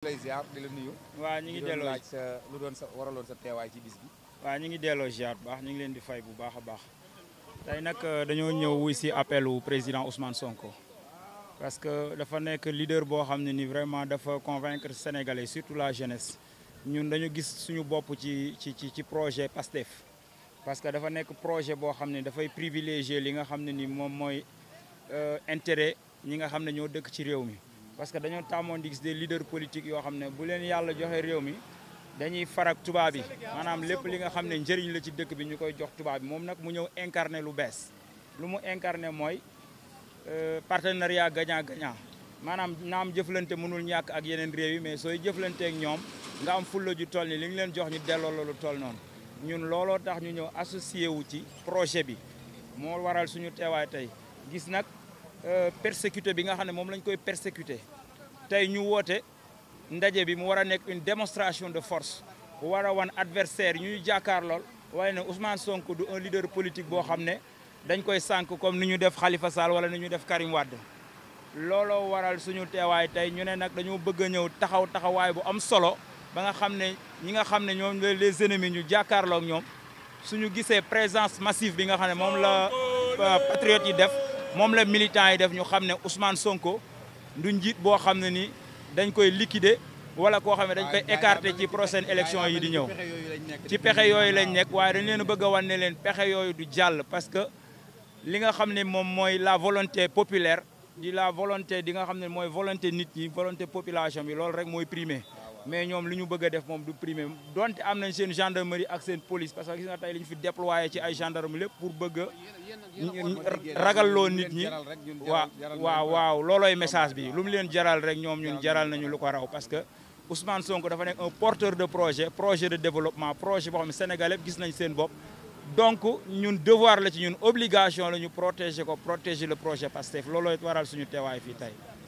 lay ziar di la nuyu. waaw ñu ngi delloo laaj lu doon sa waraloon sa teewaay ci bis bi. waaw ñu ngi delloo ziar bu baax ñu ngi leen di fay bu baax a baax. tey nag euh, dañoo ñëw wuy si appelu président Ousmane Sonko. parce que dafa nekk leader boo xam ne ni vraiment dafa convaincre sénégalais surtout la jeunesse. ñun dañu gis suñu bopp ci ci ci ci projet PASTEF. parce que dafa nekk projet boo xam ne dafay privilégier li nga xam ne ni moom mooy euh, intéret ñi nga xam ne ñoo dëkk ci réew mi. parce que dañoo tàmmoon di gis des leaders politiques yoo xam ne bu leen yàlla joxe réew mi dañuy farak tubaab yi maanaam lépp li nga xam ne njëriñ la ci dëkk bi ñu koy jox tubaab moom nag mu ñëw incarné lu bees lu mu incarné mooy euh, partenariat gagnant gagnant maanaam naam jëflante mënul ñàkk ak yeneen réew yi mais sooy jëflante ak ñoom nga am fulla ju toll ni li leen jox ñu delloo la lu toll noonu ñun looloo tax ñu ñëw associé wu ci projet bi moo waral suñu teewaay tey Euh, persécuté bi nga xamné lañ koy persécuté tay ñu woté ndaje bi une démonstration de force Wara wan adversaire ñuy jàkkaar lool Ousmane Sonko du un leader politique bo xamné dañ koy comme def Khalifa Sall wala def Karim Wade lolo waral suñu téway tay ñu né nak dañu bëgg a ñëw taxaw bu am solo ba nga xamné ñi nga les ennemis ñu présence massive bi nga euh, patriote def les militants militant yi def Ousmane Sonko du njit bo xamné ni dañ koy liquider wala ko écarter ci prochaine élection yi di ñëw ci qu'ils lañ nekk parce que li nga la volonté populaire di la volonté di nga xamné volonté nit volonté population bi lool rek primé mais ñoom li ñu bëgg def moom du primer donte am nañ seen gendarmerie ak seen police parce que gis nga tey li ñu fi déployé ci ay gendarme lépp pour bëgg a ragalloo nit ñi waaw waaw loolooy message bi lu mu leen jaral rek ñoom ñun jaral nañu lu ko raw parce que Ousmane Sonko dafa nekk un porteur de projet projet de développement projet boo xam ne Sénégal gis nañ seen bopp donc ñun devoir la ci ñun obligation la ñu protéger ko protéger le projet Pastef looloo waral suñu teewaay fii tey